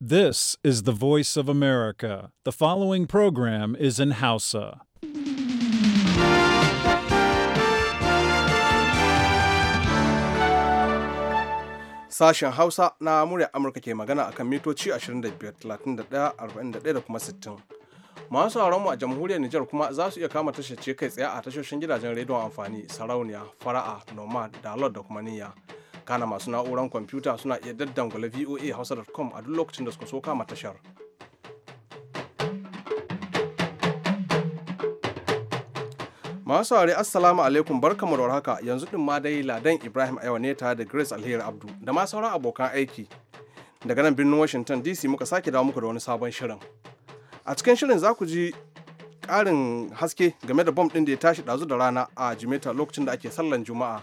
This is the voice of America. The following program is in Hausa. Sashen Hausa na murya Amurka ke magana a kan mitoci 25, 31, 41 da kuma 60. Masu mu a jamhuriyar Nijar kuma za su iya kama tashace kai tsaye a tashoshin gidajen rediyon amfani, sarauniya, fara'a, nomad, dalot da kuma niyya. kana masu na'uran kwamfuta suna iya daddangula voa hausa.com a duk lokacin da suka so kama tashar masu saurari assalamu alaikum barkamu da haka yanzu din ma dai ladan ibrahim a ne tare da grace alheri abdu da ma sauran abokan aiki daga nan birnin washington dc muka sake dawo muku da wani sabon shirin a cikin shirin za ku ji ƙarin haske game da bom ɗin da ya tashi ɗazu da rana a jimeta lokacin da ake sallan juma'a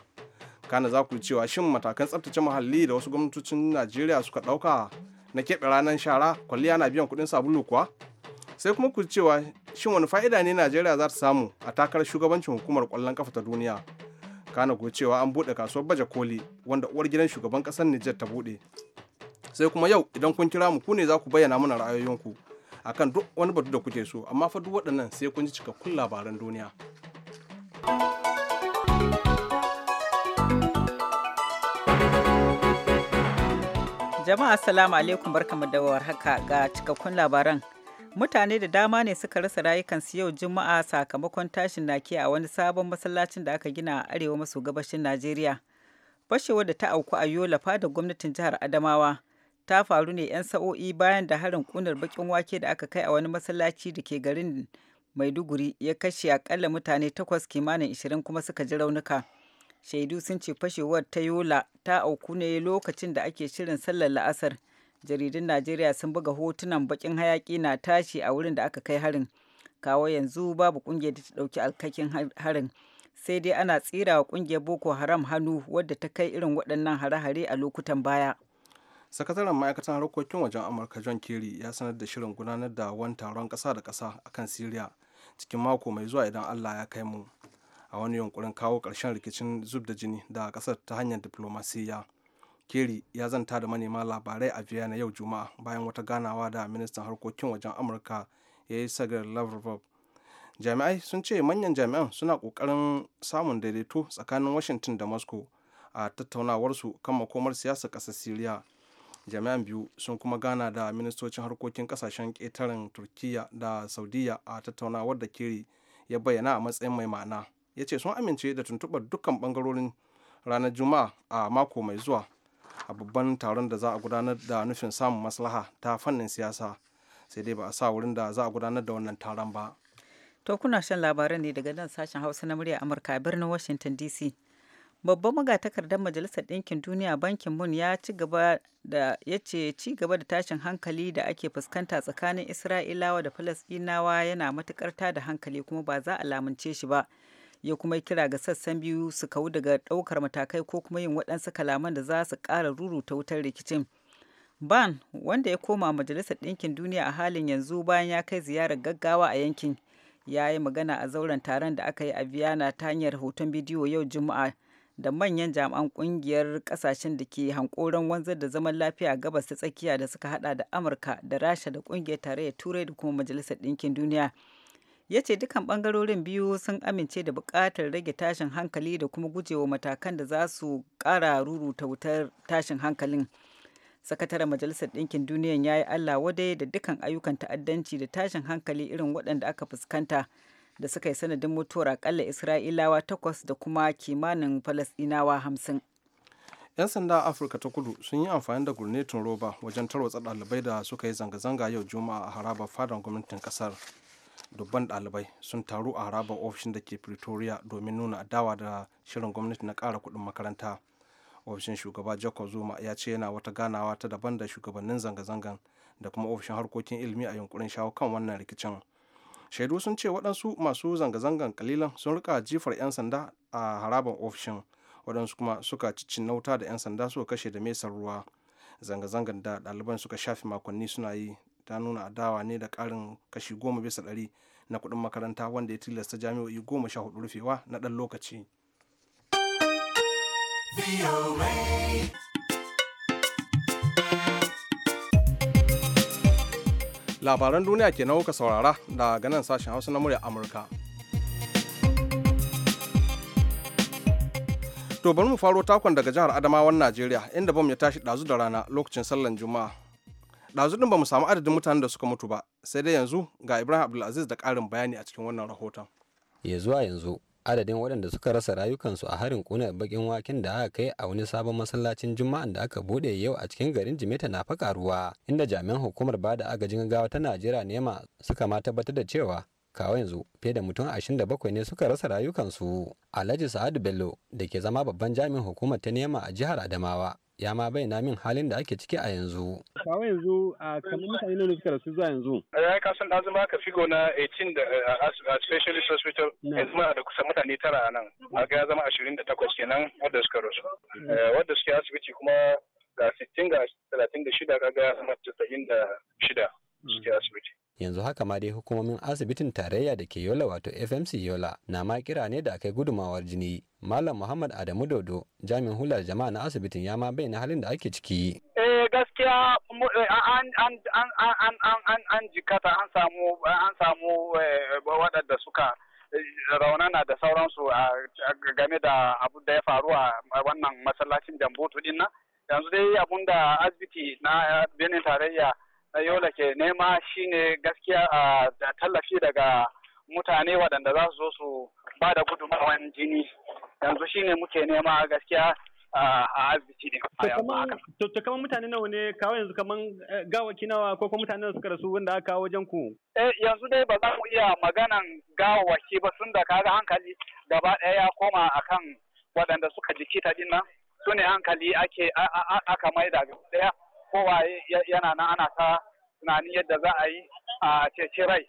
kana za ku cewa shin matakan tsabtace muhalli da wasu gwamnatocin najeriya suka ɗauka na keɓe ranar shara kwalliya na biyan kuɗin sabulu kuwa sai kuma ku cewa shin wani fa'ida ne najeriya za ta samu a takarar shugabancin hukumar kwallon kafa ta duniya kana ku cewa an buɗe kasuwar baje koli wanda uwar gidan shugaban ƙasar nijar ta buɗe sai kuma yau idan kun kira mu ku ne za ku bayyana mana ra'ayoyinku akan duk wani batu da kuke so amma fa duk waɗannan sai kun ji cikakkun labaran duniya. thank you Jama'a assalamu alaikum barkamu da warhaka ga cikakkun labaran. Mutane da dama ne suka rasa rayukansu yau Juma'a sakamakon tashin naki a wani sabon masallacin da aka gina a arewa maso gabashin Najeriya. Fashewar da ta auku a Yola fadar gwamnatin jihar Adamawa ta faru ne 'yan sa'o'i bayan da harin kunar bakin wake da aka kai a wani masallaci da ke garin Maiduguri ya kashe akalla mutane takwas kimanin 20 kuma suka ji raunuka. shaidu sun ce fashewar ta yola ta auku ne lokacin da ake shirin sallar la'asar jaridun najeriya sun buga hotunan bakin hayaki na tashi a wurin da aka kai harin kawo yanzu babu kungiyar da ta dauki alkakin harin sai dai ana tsira wa kungiyar boko haram hannu wadda ta kai irin waɗannan hare-hare a lokutan baya sakataren ma'aikatan harkokin wajen amurka john kerry ya sanar da shirin gudanar da wani taron ƙasa da ƙasa akan siriya cikin mako mai zuwa idan allah ya kai mu a wani yunkurin kawo ƙarshen rikicin zub da jini da ƙasar ta hanyar diplomasiya keri ya zanta da manema labarai a vienna yau juma'a bayan wata ganawa da ministan harkokin wajen amurka ya yi sagar lavrov jami'ai sun ce manyan jami'an suna ƙoƙarin samun daidaito tsakanin washington da moscow a tattaunawarsu kan makomar siyasar ƙasar syria jami'an biyu sun kuma gana da ministocin harkokin ƙasashen ƙetaren turkiya da saudiya a tattaunawar da kiri ya bayyana a matsayin mai ma'ana ya ce sun amince da tuntuɓar dukkan ɓangarorin ranar juma'a a mako mai zuwa a babban taron da za a gudanar da nufin samun maslaha ta fannin siyasa sai dai ba a sa wurin da za a gudanar da wannan taron ba to kuna shan labaran ne daga nan sashen hausa na murya amurka a birnin washington dc babban magatakardar majalisar ɗinkin duniya bankin mun ya ci gaba da ya ce ci gaba da tashin hankali da ake fuskanta tsakanin isra'ilawa da falasɗinawa yana matukar da hankali kuma ba za a lamunce shi ba ya kuma kira ga sassan biyu su kawu daga ɗaukar matakai ko kuma yin waɗansu kalaman da za su ƙara ruruta wutar rikicin. Ban wanda ya koma Majalisar Ɗinkin Duniya a halin yanzu bayan ya kai ziyarar gaggawa a yankin ya yi magana a zauren taron da aka yi a Vienna ta hanyar hoton bidiyo yau Juma'a da manyan jami'an ƙungiyar kasashen da ke hankoron wanzar da zaman lafiya a gabas ta tsakiya da suka hada da Amurka da Rasha da kungiyar tarayyar Turai da kuma Majalisar Ɗinkin Duniya. ya ce dukkan bangarorin biyu sun amince da bukatar rage tashin hankali da kuma gujewa matakan da za su ƙara ruruta wutar tashin hankalin sakataren majalisar ɗinkin duniyan ya yi allah wadai da dukkan ayyukan ta'addanci da tashin hankali irin waɗanda aka fuskanta da suka yi sanadin mutuwar akalla isra'ilawa takwas da kuma kimanin falasɗinawa hamsin 'yan sanda afirka ta kudu sun yi amfani da gurnetin roba wajen tarwatsa ɗalibai da suka yi zanga-zanga yau juma'a a harabar fadar gwamnatin kasar dubban ɗalibai sun taru a harabar ofishin da ke pretoria domin nuna adawa da shirin gwamnati na ƙara kuɗin makaranta ofishin shugaba jacob zuma ya ce yana wata ganawa ta daban da shugabannin zanga-zangan da kuma ofishin harkokin ilimi a yunkurin shawo kan wannan rikicin shaidu sun ce waɗansu masu zanga-zangan kalilan sun rika jifar 'yan sanda a harabar ofishin waɗansu kuma suka cicin nauta da 'yan sanda suka kashe da mesar ruwa zanga-zangan da ɗaliban suka shafe makonni suna yi ta nuna adawa ne da karin kashi goma bisa ɗari na kuɗin makaranta wanda ya tilasta jami'o'i goma sha hudu rufewa na ɗan lokaci. Labaran duniya ke kuka saurara daga nan sashen Hausa na murya Amurka. To bari mu faro takon daga jihar Adamawan Najeriya inda bom ya tashi ɗazu da rana lokacin sallan Juma'a ɗazu ɗin ba mu samu adadin mutanen da suka mutu ba sai dai yanzu ga ibrahim abdulaziz da ƙarin bayani a cikin wannan rahoton ya zuwa yanzu adadin waɗanda suka rasa rayukansu a harin ƙunar bakin waken da aka kai a wani sabon masallacin juma'an da aka buɗe yau a cikin garin jimeta na ruwa inda jami'an hukumar ba da agajin gawa ta najeriya nema suka ma tabbatar da cewa kawo yanzu fiye da mutum 27 ne suka rasa rayukansu alhaji sa'adu bello da ke zama babban jami'in hukumar ta nema a jihar adamawa ya ma bayyana min halin da ake ciki a yanzu. Kawo yanzu a kamar mutane ne suka rasu zuwa yanzu. Ya yi kasan ɗazu ma ka figo na 18 da a specialist hospital yanzu ma da kusan mutane tara a nan. A ga ya zama 28 kenan wadda suka rasu. Mm-hmm. Eh, wadda suke asibiti kuma ga 60 ga 36 ga ya zama 96. suke asibiti yanzu haka ma dai hukumomin asibitin tarayya da ke yola wato fmc yola na ma kira ne da akai gudumawar jini malam muhammad adamu dodo jami'in hular jama'a na asibitin ya ma bayyana halin da ake ciki eh gaskiya eh, an jikata an samu an samu eh, waɗanda suka eh, na da sauransu game da abu da ya faru a wannan masallacin jambutu din nan yanzu dai abun da asibiti na benin tarayya na yola ke nema shine gaskiya a da tallafi daga mutane waɗanda za su zo su ba da gudunmawan jini yanzu shine muke nema gaskiya a asibiti ne to to mutane nawa ne kawo yanzu kamar eh, gawaki nawa ko kuma mutane suka rasu wanda aka kawo wajen ku eh yanzu dai ba za mu iya maganan gawaki ba sun da kaga hankali gaba ɗaya ya koma akan waɗanda suka jikita din nan su ne hankali ake aka maida gaba ɗaya kowa yana nan ana ta tunanin yadda za a yi a keke rai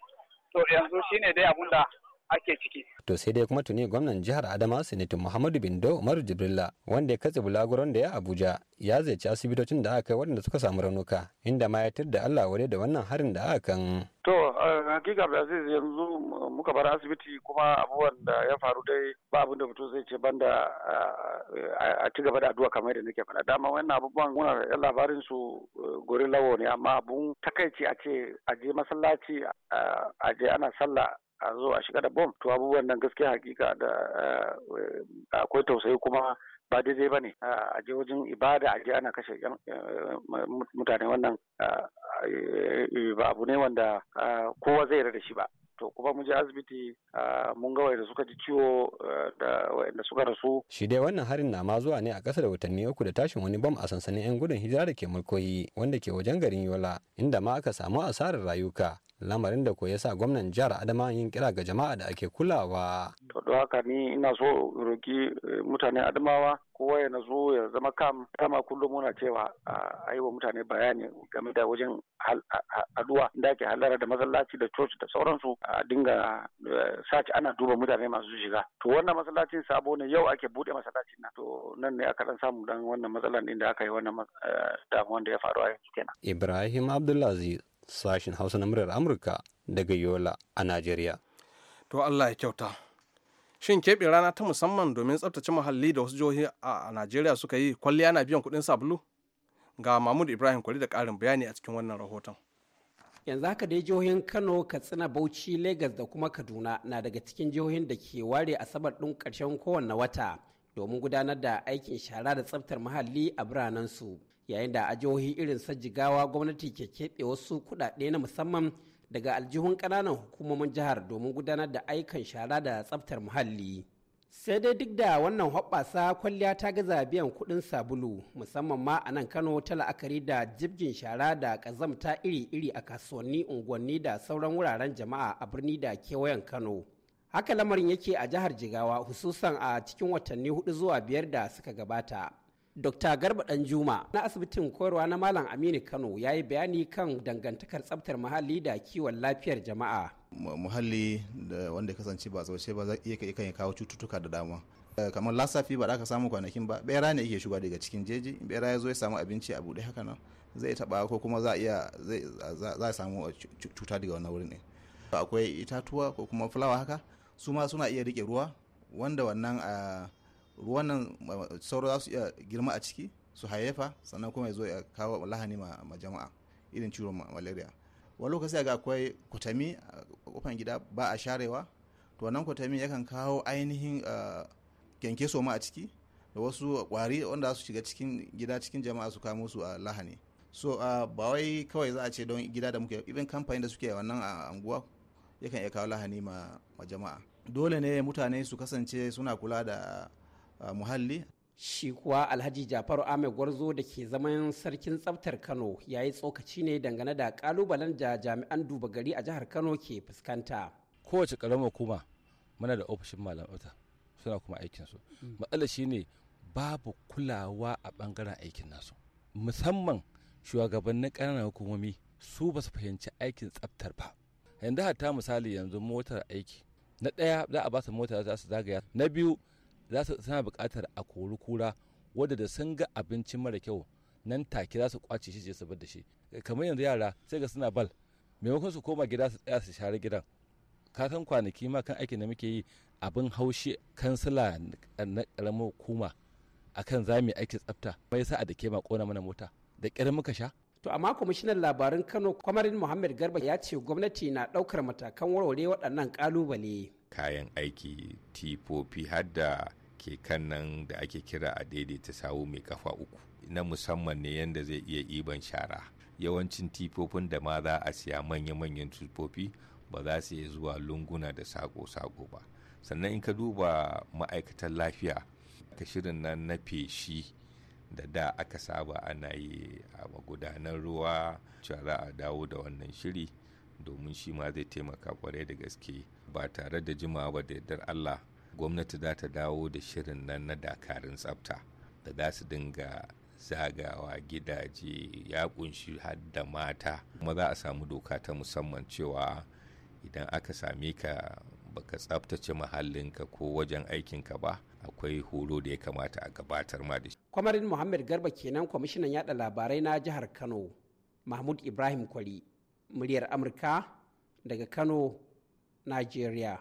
to yanzu shine dai abun da ake ciki. To sai dai kuma tuni gwamnan jihar Adamawa Sinitin Muhammadu Bindo Umaru Jibrilla wanda ya katse bulaguron da ya Abuja ya ziyarci asibitocin da aka kai waɗanda suka samu raunuka inda ma ya da Allah wale da wannan harin da aka kan. To eh, hakika zai yanzu muka bar asibiti kuma abubuwan da ya faru dai ba abin da mutum zai ce banda eh, a ci gaba da addu'a kamar yadda nake faɗa dama wannan abubuwan muna yan labarin su eh, gori lawo ne amma abun takaici a ce a je masallaci a je ana sallah a zo a shiga da bom to abubuwan nan gaskiya hakika da eh, akwai tausayi kuma ba daidai ba ne a je wajen ibada a je ana kashe eh, mutane wannan eh, ba abu ne wanda kowa zai da shi ba to kuma mu je asibiti mun ga da suka ji ciwo da wanda suka rasu shi dai wannan harin na ma zuwa ne a kasa da watanni uku da tashin wani bom a sansanin yan gudun hijira da ke mulkoyi wanda ke wajen garin yola inda ma aka samu asarar rayuka lamarin da ko ya sa gwamnan jihar adama yin kira ga jama'a da ake kulawa. to da haka ni ina so roki eh, mutane adamawa kowa ya nazo ya zama kam kama kullum muna cewa a yi wa mutane bayani game da wajen aduwa da ake halara da masallaci da coci da sauransu a dinga eh, sace ana duba mutane masu shiga to wannan masallacin sabo ne yau ake bude masallacin na to nan ne aka dan samu dan wannan matsalan din da aka yi wannan eh, damuwan da ya faru a yanzu kenan ibrahim abdulaziz Sashen hausa na murar amurka daga yola a najeriya to allah ya kyauta shin keɓe rana ta musamman domin tsabtace muhalli da wasu jihohi a najeriya suka yi kwalliya na biyan kuɗin sabulu ga mahmud ibrahim kwari da ƙarin bayani a cikin wannan rahoton yanzu haka dai jihohin kano katsina bauchi Legas da kuma kaduna na daga cikin jihohin da ke ware asabar ɗin ƙarshen kowanne wata domin gudanar da aikin shara da tsabtar muhalli a biranensu yayin da a jihohi irin sa jigawa gwamnati ke keɓe wasu kuɗaɗe na musamman daga aljihun ƙananan hukumomin jihar domin gudanar da aikan shara da tsaftar muhalli sai dai duk da wannan hoɓɓasa kwalliya ta gaza biyan kuɗin sabulu musamman ma a nan kano ta la'akari da jibgin shara da ƙazamta iri-iri a kasuwanni unguwanni da sauran wuraren jama'a a birni da kewayen kano haka lamarin yake a jihar jigawa hususan a cikin watanni hudu zuwa biyar da suka gabata Dr. Garba Danjuma na asibitin koyarwa na Malam Aminu Kano ya yi bayani kan dangantakar tsabtar muhalli da kiwon lafiyar jama'a. Muhalli da wanda ya kasance ba tsabtace ba zai iya kawo cututtuka da dama. Eh, kamar lasafi ba da ka samu kwanakin ba bera ne yake shiga daga cikin jeji bera ya zo ya samu abinci a buɗe haka nan zai taɓa ko kuma za iya za samu cuta daga wannan wurin ne akwai itatuwa ko kuma fulawa haka su ma suna iya rike ruwa wanda wannan a ah, wannan sauro za su iya girma a ciki su hayayyafa sannan kuma ya zo ya kawo lahani ma jama'a irin ciwon malaria wani lokaci ga akwai kutami a kofan gida ba a sharewa to wannan kutami yakan kawo ainihin ah, kyanke ma a ciki da wasu kwari wanda su shiga cikin gida cikin jama'a su kamo su a lahani so ah, ba wai kawai za a ce don gida da muke ibin kamfani da suke wannan a anguwa yakan iya kawo lahani ma jama'a dole ne mutane su kasance suna kula da muhalli shi kuwa alhaji jafaru ahmed gwarzo da ke zaman sarkin tsabtar kano ya yi tsokaci ne dangane da kalubalen da jami'an duba gari a jihar kano ke fuskanta kowace karamar kuma muna da ofishin malam tsabta suna kuma aikinsu mm. matsalar shine babu kulawa a bangaren aikin nasu musamman shugabannin ƙananan hukumomi su ba su fahimci aikin tsabtar ba yanzu hatta misali yanzu motar aiki na ɗaya za a ba su mota za su zagaya na biyu za su suna buƙatar a kori kura wadda da sun ga abinci mara kyau nan take za su kwace shi su bar da shi kamar yanzu yara sai ga suna bal maimakon su koma gida su tsaya su share gidan ka san kwanaki ma kan aikin da muke yi abin haushi kansila na karamar hukuma akan zami aikin aiki tsafta mai sa a da ke ma kona mana mota da ƙyar muka sha To amma kwamishinan labarin Kano kwamarin Muhammad Garba ya ce gwamnati na ɗaukar matakan warware waɗannan kalubale Kayan aiki tifofi har da kekan nan da ake kira a daidaita sawu mai kafa uku na musamman ne yadda zai iya iban shara yawancin tifofin da ma za a siya manya-manyan tifofi ba za su iya zuwa lunguna da sako-sako ba sannan in ka duba ma'aikatan lafiya ka shirin nan na feshi da da aka saba ana yi a magudanar ruwa cewa za a dawo da wannan shiri domin shi ma zai taimaka kwarai da gaske ba tare da jimawa ba da yardar Allah gwamnati za ta dawo da shirin nan na dakarun tsafta da za su dinga zagawa gidaje ya kunshi har da mata kuma za a samu doka ta musamman cewa idan aka same ka baka tsabtace mahallinka ko wajen aikinka ba akwai horo da ya kamata a gabatar ma da shi. Kwamarin Muhammad Garba kenan kwamishinan yada labarai na jihar Kano Mahmud Ibrahim Kwari muryar Amurka daga Kano, Najeriya.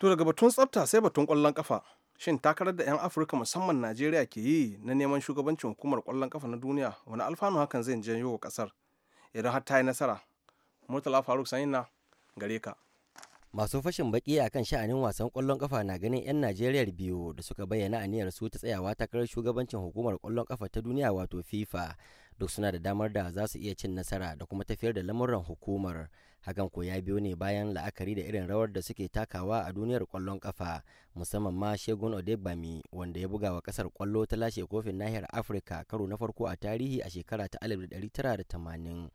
To daga batun tsafta sai batun kwallon kafa. Shin takarar da 'yan Afirka musamman Najeriya ke yi na neman shugabancin hukumar kwallon kafa na duniya wani alfanu hakan zai janyo wa kasar idan har ta yi nasara. Murtala Faruk Sanina gare ka. masu fashin baki a kan sha'anin wasan kwallon kafa na ganin 'yan najeriya biyu da suka bayyana aniyar su ta tsayawa takarar shugabancin hukumar kwallon kafa ta duniya wato fifa duk suna da damar da za su iya cin nasara da kuma tafiyar da lamuran hukumar hakan ko ya biyo ne bayan la'akari da irin rawar da suke takawa a duniyar kwallon kafa musamman ma shegun odegbami wanda ya buga wa ƙasar kwallo ta lashe kofin nahiyar afirka karo na farko a tarihi a shekara ta 1980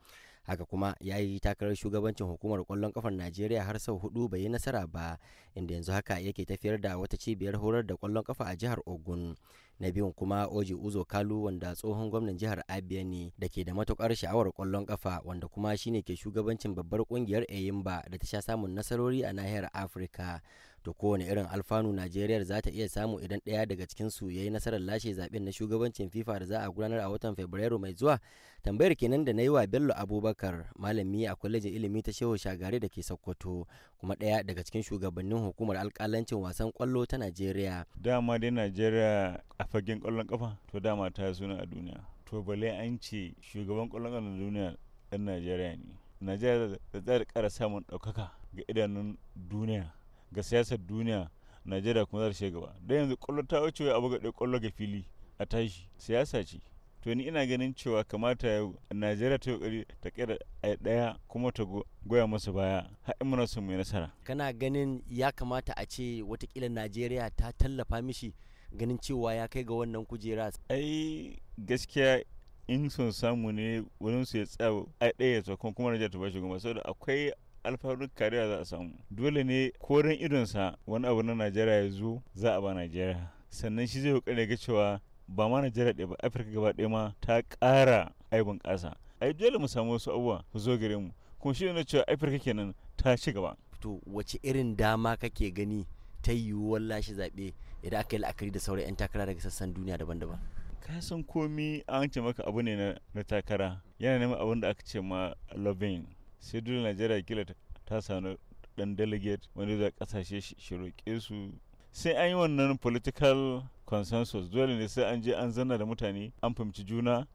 haka kuma ya yi takarar shugabancin hukumar kwallon kafar najeriya har sau hudu bai yi nasara ba inda yanzu haka yake tafiyar da wata cibiyar horar da kwallon kafa a jihar ogun na biyun kuma oji uzo kalu wanda tsohon gwamnan jihar abia ne da ke da matukar sha'awar kwallon kafa wanda kuma shine ke shugabancin babbar kungiyar eyimba da ta sha samun nasarori a nahiyar afirka to kowane irin alfanu Najeriya za ta iya samu idan ɗaya daga cikin su yayi nasarar lashe zaben na shugabancin fifa da za a gudanar a watan fabrairu mai zuwa tambayar kenan da na yi wa bello abubakar malami a kwalejin ilimi ta shehu shagari da ke sokoto kuma ɗaya daga cikin shugabannin hukumar alkalancin wasan kwallo ta najeriya dama dai najeriya a fagen kwallon kafa to dama ta suna a duniya to bale an ce shugaban kwallon kafa na duniya ɗan najeriya ne najeriya da tsara samun ɗaukaka ga idanun duniya ga siyasar duniya najeriya kuma za ta shiga gaba don yanzu kwallo ta wuce a buga ɗaya kwallo ga fili a tashi siyasa ce to ni ina ganin cewa kamata yau najeriya ta yi ta ƙera a ɗaya kuma ta goya masa baya haɗin mana su mai nasara kana ganin ya kamata a ce watakila najeriya ta tallafa mishi ganin cewa ya kai ga wannan kujera ai gaskiya in son samu ne wurin su ya tsaya a ɗaya ya kuma Najeriya ta bashi goma saboda akwai alfanun kariya za a samu dole ne koren idonsa wani abu na najeriya ya zo za a ba najeriya sannan shi zai kokari ga cewa ba ma najeriya ɗaya ba afirka gaba ɗaya ma ta ƙara aibin ƙasa ai dole mu samu wasu abubuwa su zo gare mu kuma shi ne cewa afirka kenan ta ci gaba to wace irin dama kake gani ta yiwuwar lashe zaɓe idan aka yi la'akari da sauran 'yan takara daga sassan duniya daban-daban ka san komi an ce maka abu ne na takara yana neman abin da aka ce ma loving sai dole najeriya kila ta sami dan delegate wani da kasashe shi roƙe su sai an yi wannan political consensus dole ne sai an je an zanna da mutane an fahimci juna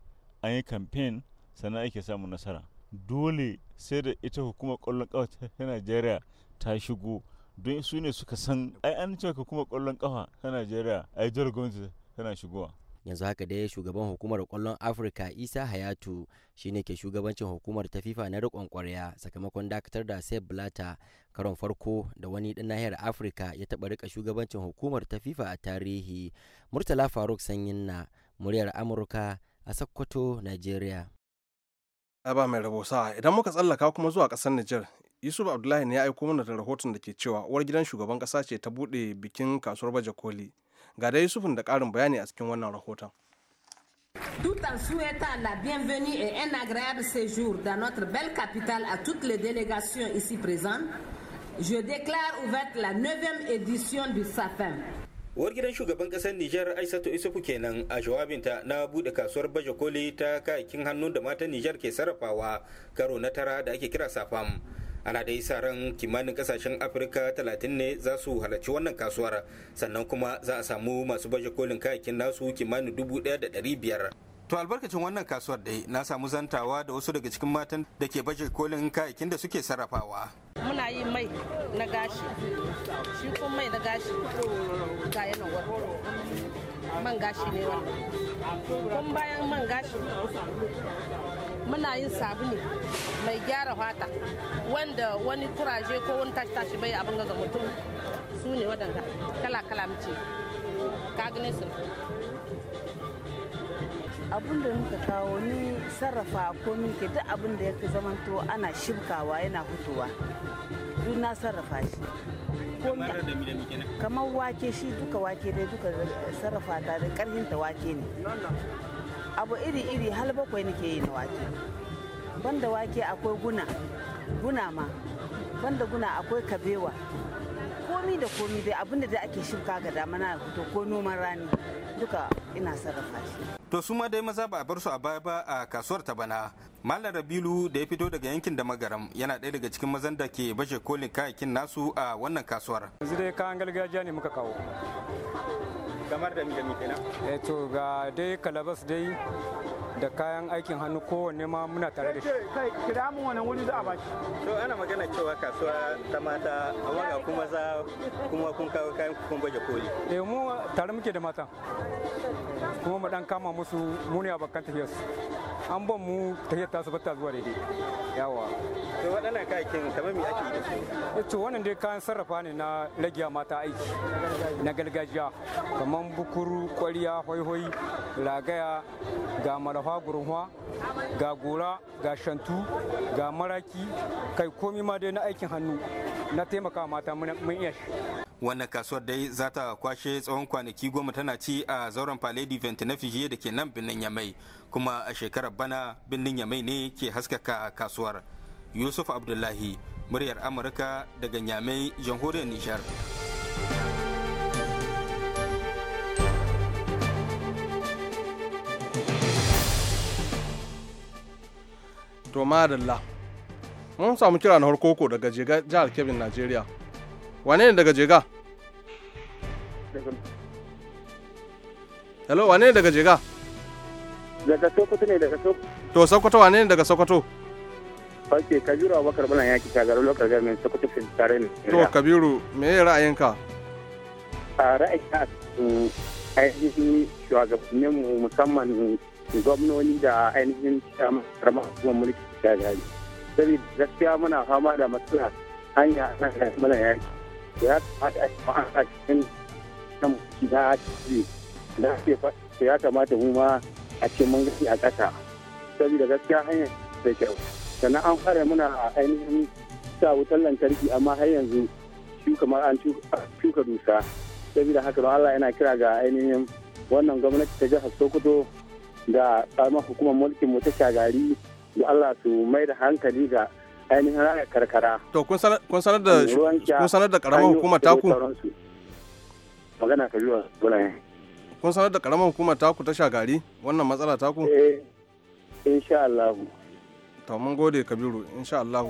an yi campaign sannan ake samun nasara dole sai da ita hukumar kwallon kawa ta najeriya ta shigo don su ne suka san ai an cewa hukumar kwallon kawa ta najeriya ai jihar gwamnati tana shigowa yanzu haka dai shugaban hukumar kwallon afirka isa hayatu shine ke shugabancin hukumar ta fifa na rikon kwarya sakamakon dakatar da sep blata karon farko da wani dan nahiyar afirka ya taba rika shugabancin hukumar ta fifa a tarihi murtala faruk sanyin na muryar amurka a sakkwato nigeria ba mai rabo sa'a idan muka tsallaka kuma zuwa kasar niger yusuf abdullahi ne ya aiko mana da rahoton da ke cewa uwar gidan shugaban kasa ce ta bude bikin kasuwar baje koli ga da yusufun da karin bayani a cikin wannan rahoton Tout en souhaitant la bienvenue et un agréable séjour dans notre belle capitale à toutes les délégations ici présentes, je déclare ouverte la 9e édition du SAPEM. uwar gidan shugaban kasar Nijar Aisatu Isufu kenan a jawabinta na bude kasuwar baje koli ta kayakin hannu da matan Nijar ke sarrafawa karo na tara da ake kira safam. ana da sa ran kimanin kasashen afirka 30 ne za su halarci wannan kasuwar sannan kuma za a samu masu baje kolin kayakin nasu kimanin 1,500 to albarkacin wannan kasuwar dai na samu zantawa da wasu daga cikin matan da ke baje kolin kayakin da suke sarrafawa muna yi mai na gashi shi kuma mai na gashi ga yanar man gashi ne wannan kun bayan man gashi muna yin sabulu mai gyara fata wanda wani kuraje ko wani tashi tashi bai abin ga mutum su ne waɗanda kala kala mace ka gane su abin da muka kawo ni sarrafa ko minke duk abin da ya fi zamanto ana shibkawa yana fitowa duk na sarrafa shi kamar wake shi duka wake dai duka sarrafa ta da karhin ta wake ne abu iri-iri hal bakwai nake yi na wake banda wake akwai guna guna ma banda guna akwai kabewa komi da komi dai abinda da ake shuka ga damana ko noman rani duka ina sarrafa shi to su ma dai maza ba a bar su a baya ba a kasuwar ta bana malam rabilu da ya fito daga yankin da magaram yana ɗaya daga cikin mazan da ke bashe kolin kayakin nasu a wannan kasuwar yanzu dai kayan gargajiya ne muka kawo kamar da mi da mi kenan eh to ga dai kalabas dai da kayan aikin hannu kowanne ma muna tare da shi kai kira mu wannan wuri za a bashi to ana magana cewa kasuwa ta mata amma ga kuma za kuma kun kawo kayan kun baje koli eh mu tare muke da mata kuma mu dan kama musu mu ne tafiyar tafiyarsu an ban mu ta yadda tasu bata zuwa daidai yawa to waɗannan kayakin kamar me ake da su eh, to wannan dai kayan sarrafa ne na ragiya mata aiki na gargajiya kamar bukuru kwariya hoihoi lagaya ga malafa gurunwa ga gora ga shantu ga maraki kai komi ma dai na aikin hannu na taimaka mata mun iya shi wannan kasuwar dai za ta kwashe tsawon kwanaki goma tana ci a zauren paledi na fijiye da ke nan birnin yamai kuma a shekarar bana birnin yamai ne ke haskaka kasuwar yusuf abdullahi muryar amurka daga nyamai jamhuriyar nijar to madalla mun samu kira na harkoko daga jihar kebin najeriya wane ne daga jega hello wane ne daga jega daga sokoto ne daga sokoto to sokoto wane ne daga sokoto ok kabiru abubakar bala yaki shagarar lokar gami sokoto fin tare ne to kabiru me ya ra'ayinka a ra'ayina mm, ainihin shugabanninmu musamman gwamnoni da ainihin karama hukumar mulki shagari saboda gaskiya muna fama da matsala hanya na mana yaki ya kamata a kuma an cikin nan na ce na ce ya kamata mu ma a ce mun a ƙasa saboda gaskiya hanyar da kyau sannan an fara muna a ainihin sa wutar lantarki amma har yanzu shi an shuka dusa saboda haka don Allah yana kira ga ainihin wannan gwamnati ta jihar Sokoto da tsarin hukumar mulkin mu ta shagari da Allah su mai da hankali ga ainihin raya karkara. To kun sanar da kun sanar da karamar hukumar taku? Magana ka biyu a Kun sanar da karamar hukumar taku ta shagari wannan matsala taku? Eh, insha Allah. To mun gode Kabiru, insha Allah.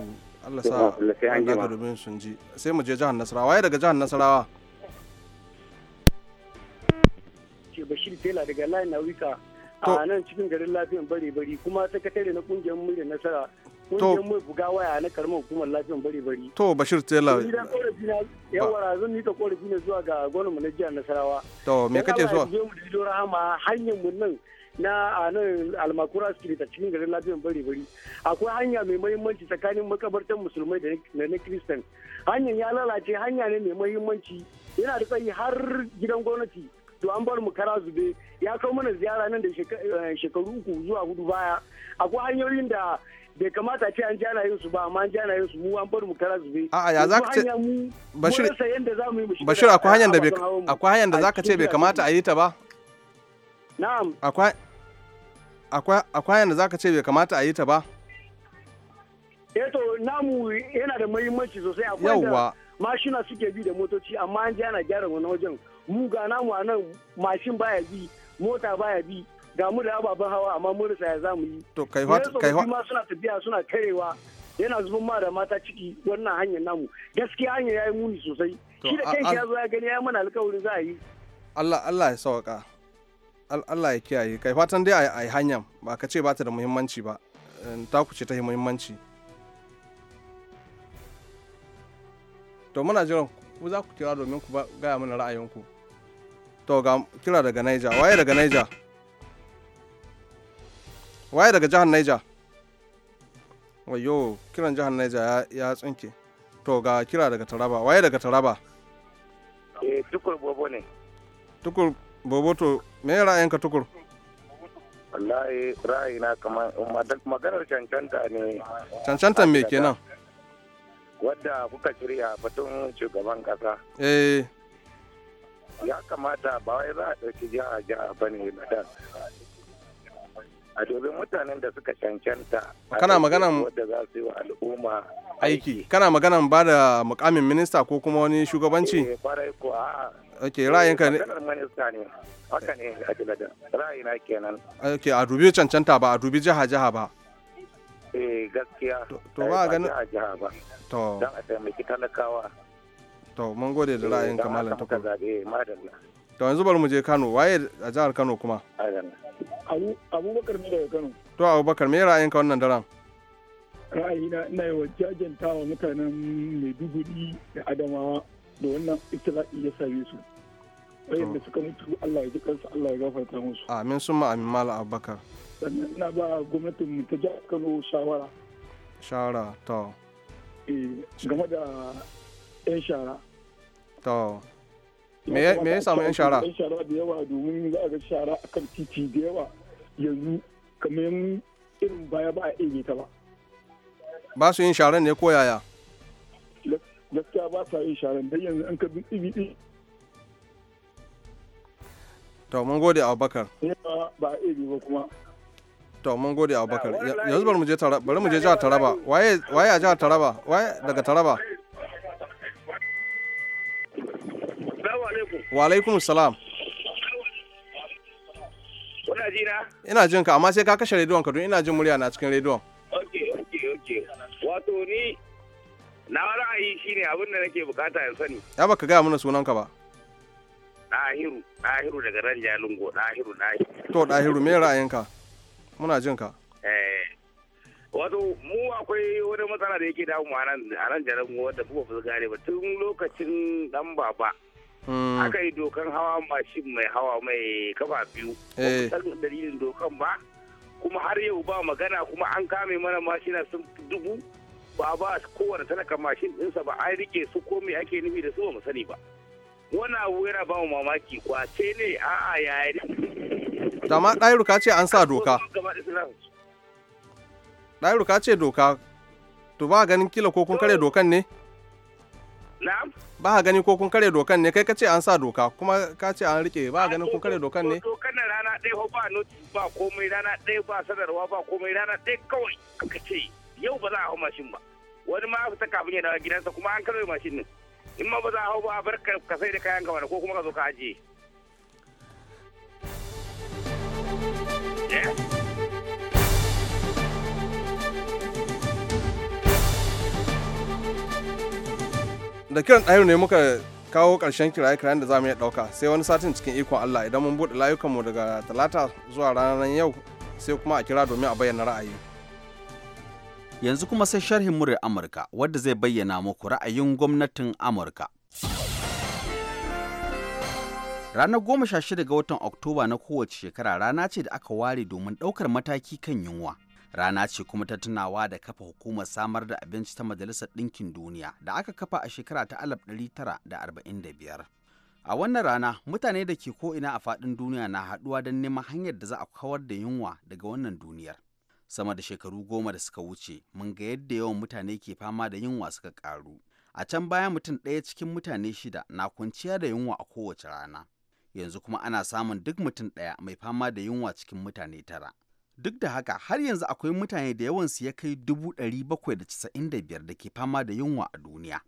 Allah sa an ga domin sun ji. Sai mu je jihar Nasarawa. Waye daga jihar Nasarawa? Ce Bashir Tela daga Lai Nawika. a nan cikin garin lafiyan bare bari kuma sakatare na kungiyar murya nasara to mun buga waya na karamar hukumar lafiyan bari bari to bashir tela ni dan korafi na yawa zan ni ta korafi ne zuwa ga gwamnatin na jihar nasarawa to me kace so mu da rahama hanyar mu nan na a nan almakura street a cikin garin lafiyan bari bari akwai hanya mai muhimmanci tsakanin makabartan musulmai da na kristan hanyar ya lalace hanya ne mai mahimmanci yana da tsayi har gidan gwamnati to an bar mu kara zube ya kawo mana ziyara nan da eh, shekaru uku zuwa hudu baya akwai hanyoyin da bai kamata ce an ji ana yin su ba amma an ji ana yin su mu an bar mu kara zube a ya zaka ce bashir bashir akwai hanyar da akwai hanyar da zaka ce bai kamata a yi ta ba na'am akwai akwai akwai hanyar da zaka ce bai kamata a yi ta ba eh to namu yana da muhimmanci sosai akwai yawa mashina suke bi da motoci amma an ji ana gyara wani wajen mu ga namu a nan mashin baya bi mota baya bi ga mu da ababen hawa amma mun rasa ya zamu yi to kai fa kai fa ma suna tafiya suna karewa yana zubin ma da mata ciki wannan hanyar namu gaskiya hanyar yayi muni sosai shi da kanki ya zo ya gani ya mana alƙawarin za a yi Allah Allah ya sauka Allah ya kiyaye kai fatan dai ai hanyar ba ka ce ba ta da muhimmanci ba eh, ta ku ce ta yi muhimmanci to muna jiran ku za ku kira domin ku gaya mana ra'ayinku to ga kira daga Niger waye daga Niger waye daga jihar Niger wayo kiran jihar Niger ya tsinke to ga kira daga Taraba waye daga Taraba eh tukur bobo ne tukur bobo to me ra'ayinka tukur wallahi ra'ayina kamar maganar cancanta ne cancanta me kenan wadda kuka shirya batun shugaban kasa eh ya kamata ba wai za a ɗauki jiha jiha ba ne a domin mutanen da suka cancanta kana magana wadda za su yi wa al'umma aiki kana magana ba da mukamin minista ko kuma wani shugabanci eh, ok ka ne eh, minista ne haka ne a jiladan ra'ayina kenan ok a dubi cancanta ba a dubi jiha jiha ba eh gaskiya to eh, ba ganin a jiha ba to dan a taimaki talakawa to mun gode da ra'ayin kamalan takwar to yanzu bari mu je Kano waye a jihar Kano kuma a Abubakar ne daga Kano. To Abubakar me ra'ayinka wannan daren? Ra'ayina ina yi wa jajanta wa mutanen Maiduguri da Adamawa da wannan isra'i ya same su. Wayanda suka mutu Allah ya ji kansu Allah ya gafarta musu. Amin sun ma amin mala Abubakar. Sannan ina ba gwamnatin mu ta jihar Kano shawara. Shawara to. Eh game da 'yan shara. To. me ya samu yan shara yan shara da yawa domin za a ga shara a kan titi da yawa yanzu kamar irin baya ba a iya ta ba ba su yin sharan ne ko yaya gaskiya ba sa yin sharan dan yanzu an ka bin ibi to mun gode abubakar ba a iya ba kuma to mun gode abubakar yanzu bari mu je taraba bari mu je jihar taraba waye waye a jihar taraba waye daga taraba Wa alaikum salam. Kuna ji na? Ina jin ka amma sai ka kashe rediyon ka don ina jin murya na cikin rediyon. Okay, okay, okay. Wato ni na ra'ayi shine abin da nake bukata ya sani. Ya baka gaya mana sunan ka ba. Dahiru, Dahiru daga ran Jalingo, Dahiru, Dahiru. To Dahiru me ra'ayinka? Muna jin ka. Eh. Wato mu akwai wani matsala da yake damu a nan a nan Jalingo wanda kuma ba gane ba tun lokacin dan baba. Mm. aka yi dokan hawa mashin mai hawa mai kafa biyu ba mu eh. dalilin dokan ba kuma har yau ba magana kuma an kame mana mashina sun dubu ba ba kowane talaka mashin ɗinsa ba an rike su ko me ake nufi da su ba mu sani ba wannan abu yana ba mu mamaki kwace ne a'a yaya ne dama ɗairu ka ce an sa doka ɗairu ka ce doka to ba ganin kila ko kun kare dokan ne na'am ba a gani ko kun kare dokan ne kai ka ce an sa doka kuma ka ce an rike ba a gani kun kare dokan ne dokan na rana ɗaya ba notis ba komai rana ɗaya ba sadarwa ba komai rana ɗaya kawai ka ce yau ba za a hau mashin ba wani ma ta kafin ya dawo gidansa kuma an karbe mashin ne in ma ba za a hau ba a bar ka sai da kayan gaba ko kuma ka zo ka ajiye. Yeah. da kiran ɗayo ne muka kawo ƙarshen kiraye-kirayen da za mu iya ɗauka sai wani satin cikin ikon Allah idan mun buɗe layukanmu daga talata zuwa ranar yau sai kuma a kira domin a bayyana ra'ayi. Yanzu kuma sai sharhin murar Amurka wadda zai bayyana muku ra'ayin gwamnatin Amurka. Ranar goma sha shida ga watan Oktoba na kowace shekara rana ce da aka ware domin ɗaukar mataki kan yunwa. Rana ce kuma ta tunawa da kafa hukumar samar da abinci ta Majalisar Ɗinkin Duniya da aka kafa a shekara ta ɗari tara da da arba'in biyar. A wannan rana mutane da ke ko'ina a faɗin duniya na haɗuwa don neman hanyar da za a kawar da yunwa daga wannan duniyar. Sama da shekaru goma da suka wuce, mun ga yadda yawan mutane ke fama da yunwa suka ƙaru. A can baya mutum ɗaya cikin mutane shida na kwanciya da yunwa a kowace rana. Yanzu kuma ana samun duk mutum ɗaya mai fama da yunwa cikin mutane tara. duk da haka har yanzu akwai mutane da yawansu ya kai dubu ɗari bakwai da casa'in da da biyar ke fama da yunwa a duniya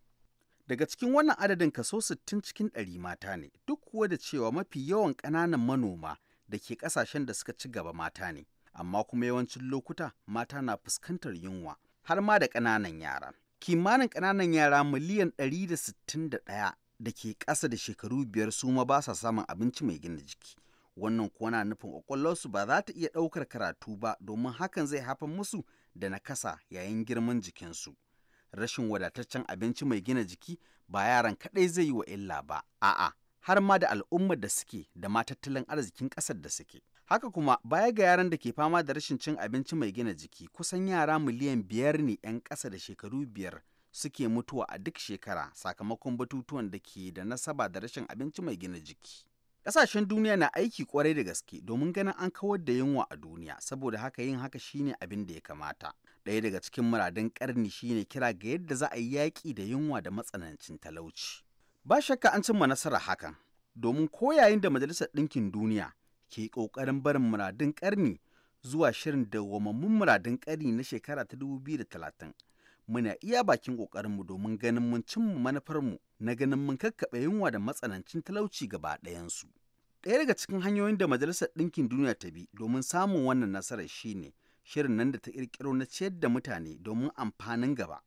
daga cikin wannan adadin kaso 60 cikin ɗari mata ne duk kuwa da cewa mafi yawan ƙananan manoma da ke ƙasashen da suka ci gaba mata ne amma kuma yawancin lokuta mata na fuskantar yunwa har ma da ƙananan yara kimanin ƙananan yara miliyan 161 da ke ƙasa da shekaru biyar su ma ba sa samun abinci mai gina jiki wannan kuwa na nufin ƙwaƙwalwarsu ba za ta iya ɗaukar karatu ba domin hakan zai haifar musu da nakasa yayin girman jikinsu rashin wadataccen abinci mai gina jiki ba yaran kaɗai zai yi wa illa ba a'a har ma da al'ummar da suke da ma tattalin arzikin ƙasar da suke haka kuma baya ga yaran da ke fama da rashin cin abinci mai gina jiki kusan yara miliyan biyar ne 'yan ƙasa da shekaru biyar suke mutuwa a duk shekara sakamakon batutuwan da ke da nasaba da rashin abinci mai gina jiki Ƙasashen duniya na aiki kwarai da gaske domin ganin an kawar da yunwa a duniya saboda haka yin haka shine abin da ya kamata. Ɗaya daga cikin muradun ƙarni shine kira ga yadda za a yi yaƙi da yunwa da matsanancin talauci. Ba shakka an cimma nasarar hakan domin ko yayin da Majalisar Ɗinkin Duniya ke ƙoƙarin barin muradun ƙarni zuwa shirin dawwamammun muradun karni na shekara ta 2030 muna iya bakin ƙoƙarinmu domin ganin mun cimma mu na ganin mun kakkaɓe yunwa da matsanancin talauci gaba ɗayansu. Ɗaya daga cikin hanyoyin da Majalisar Ɗinkin Duniya ta bi domin samun wannan nasarar shine shirin nan da ta ƙirƙiro na ciyar da mutane domin amfanin gaba.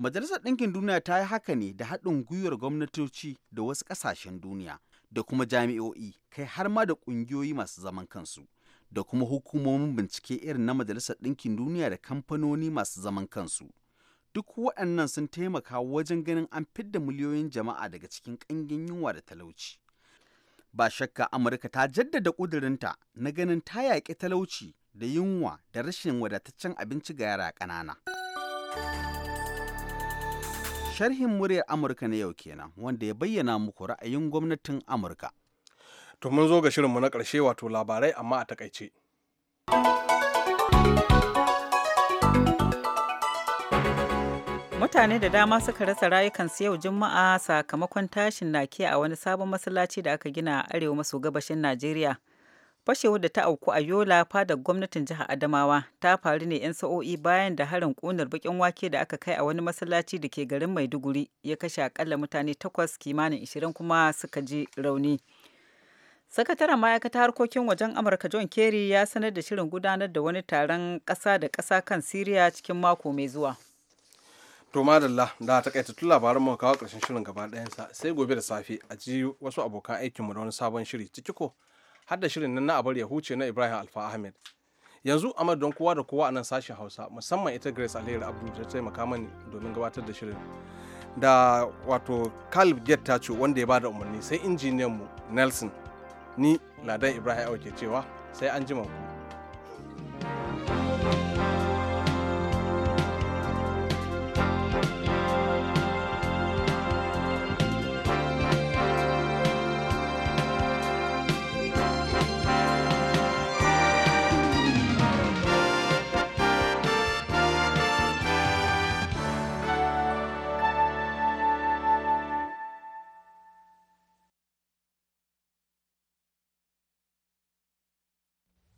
Majalisar Ɗinkin Duniya ta yi haka ne da haɗin gwiwar gwamnatoci da wasu ƙasashen duniya da kuma jami'o'i kai har ma da ƙungiyoyi masu zaman kansu da kuma hukumomin bincike irin na Majalisar Ɗinkin Duniya da kamfanoni masu zaman kansu. duk waɗannan sun taimaka wajen ganin an fidda miliyoyin jama'a daga cikin ƙangin yunwa da talauci. Ba shakka Amurka ta jaddada ƙudurinta na ganin ta yaƙi talauci da yunwa da rashin wadataccen abinci ga yara ƙanana. Sharhin muryar Amurka na yau kenan wanda ya bayyana muku ra'ayin gwamnatin Amurka. To mun zo ga shirin mu na ƙarshe wato labarai amma a takaice. mutane da dama suka rasa rayukansu yau juma'a sakamakon tashin nake a wani sabon masallaci da aka gina a arewa maso gabashin najeriya fashewar da ta auku a yola fadar gwamnatin jihar adamawa ta faru ne 'yan sa'o'i bayan da harin ƙunar bakin wake da aka kai a wani masallaci da ke garin maiduguri ya kashe akalla mutane takwas kimanin ishirin kuma suka ji rauni sakataren ma'aikatar harkokin wajen amurka john kerry ya sanar da shirin gudanar da wani taron ƙasa da ƙasa kan siriya cikin mako mai zuwa to madalla da ta kaita tun labarin mu kawo karshen shirin gaba sa sai gobe da safe a ji wasu abokan aikinmu da wani sabon shiri ciki ko har da shirin nan na abar ya huce na ibrahim alfa ahmed yanzu a don kowa da kowa a nan sashen hausa musamman ita grace alheri abdul ta taimaka mani domin gabatar da shirin da wato kalib get ta ce wanda ya bada umarni sai injiniyanmu nelson ni ladan ibrahim auke cewa sai an jima ku